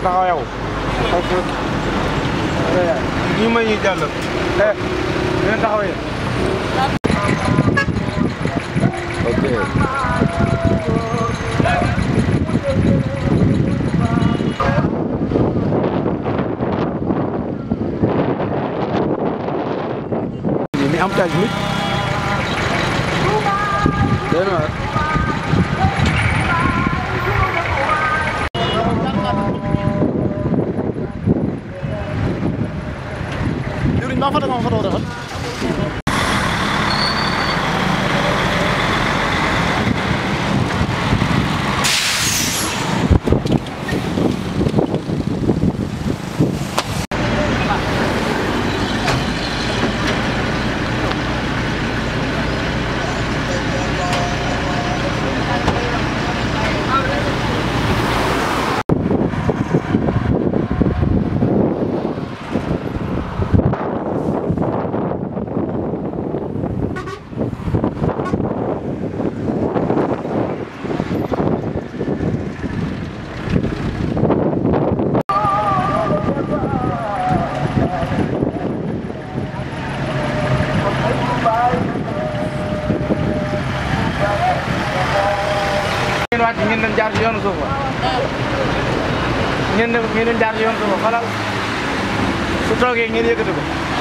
taxaw taxaw yow. parce que. ma ñuy jàll. eh dina ok. 頑張れ頑張れ頑張れ wàcc ñun dañ jaar si yoonu suuf ba ñun su toogee ngeen yëkkati ko